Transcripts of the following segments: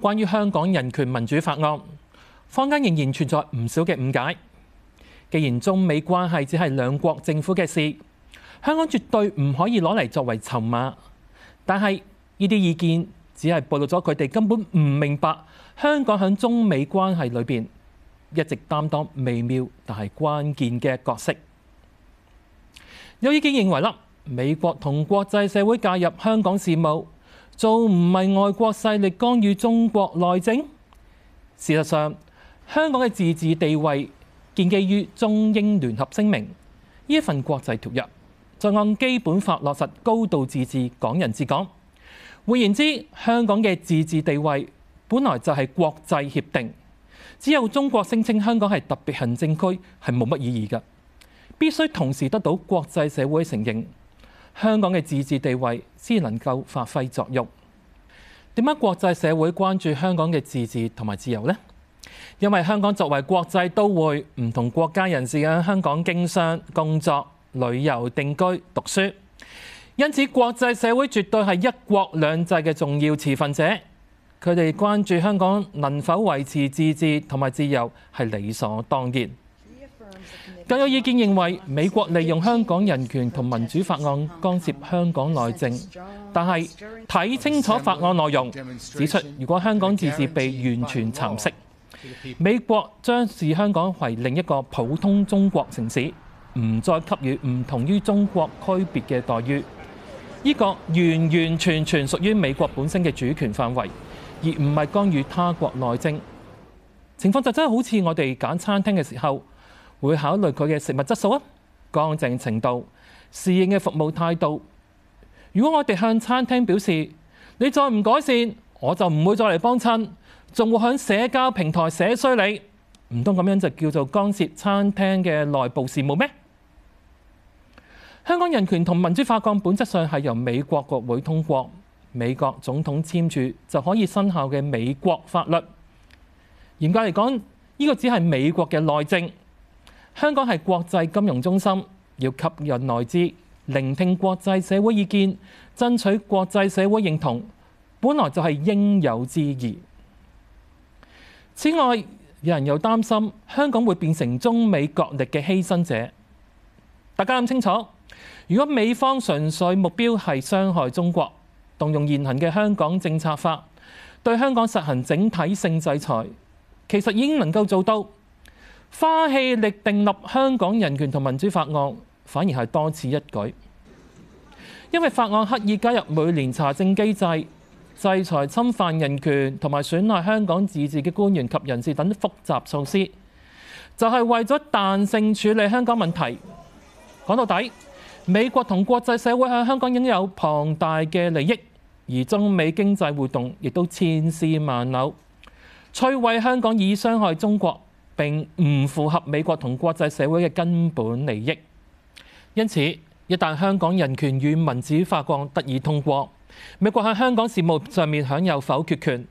關於香港人權民主法案，坊間仍然存在唔少嘅誤解。既然中美關係只係兩國政府嘅事，香港絕對唔可以攞嚟作為籌碼。但係呢啲意見只係暴露咗佢哋根本唔明白香港喺中美關係裏面一直擔當微妙但係關鍵嘅角色。有意見認為啦，美國同國際社會介入香港事務，做唔係外國勢力干預中國內政。事實上，香港嘅自治地位建基於中英聯合聲明，呢一份國際條約，就按基本法落實高度自治、港人治港。換言之，香港嘅自治地位本來就係國際協定，只有中國聲稱香港係特別行政區，係冇乜意義嘅，必須同時得到國際社會承認。香港嘅自治地位先能夠發揮作用。點解國際社會關注香港嘅自治同埋自由呢？因為香港作為國際都會，唔同國家人士喺香港經商、工作、旅遊、定居、讀書。因此，國際社會絕對係一國兩制嘅重要持份者。佢哋關注香港能否維持自治同埋自由，係理所當然。更有意見認為美國利用香港人權同民主法案干涉香港內政，但係睇清楚法案內容，指出如果香港自治被完全蠶食，美國將視香港為另一個普通中國城市，唔再給予唔同於中國區別嘅待遇。依個完完全全屬於美國本身嘅主權範圍，而唔係干預他國內政。情況就真係好似我哋揀餐廳嘅時候。會考慮佢嘅食物質素啊，乾淨程度、侍應嘅服務態度。如果我哋向餐廳表示你再唔改善，我就唔會再嚟幫襯，仲會響社交平台寫衰你，唔通咁樣就叫做干涉餐廳嘅內部事務咩？香港人權同民主法案，本質上係由美國國會通過，美國總統簽署就可以生效嘅美國法律。嚴格嚟講，呢個只係美國嘅內政。香港係國際金融中心，要吸引內資、聆聽國際社會意見、爭取國際社會認同，本來就係應有之義。此外，有人又擔心香港會變成中美角力嘅犧牲者。大家諗清楚，如果美方純粹目標係傷害中國，動用現行嘅香港政策法，對香港實行整體性制裁，其實已經能夠做到。花氣力訂立香港人權同民主法案，反而係多此一舉，因為法案刻意加入每年查證機制、制裁侵犯人權同埋損害香港自治嘅官員及人士等複雜措施，就係、是、為咗彈性處理香港問題。講到底，美國同國際社會向香港擁有龐大嘅利益，而中美經濟互動亦都千絲萬縷，摧毀香港以傷害中國，並唔符合美國同國際社會嘅根本利益，因此一旦香港人權與民主法案得以通過，美國喺香港事務上面享有否決權，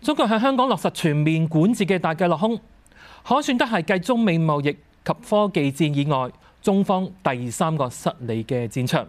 中國喺香港落實全面管治嘅大計落空，可算得係繼中美貿易及科技戰以外，中方第三個失利嘅戰場。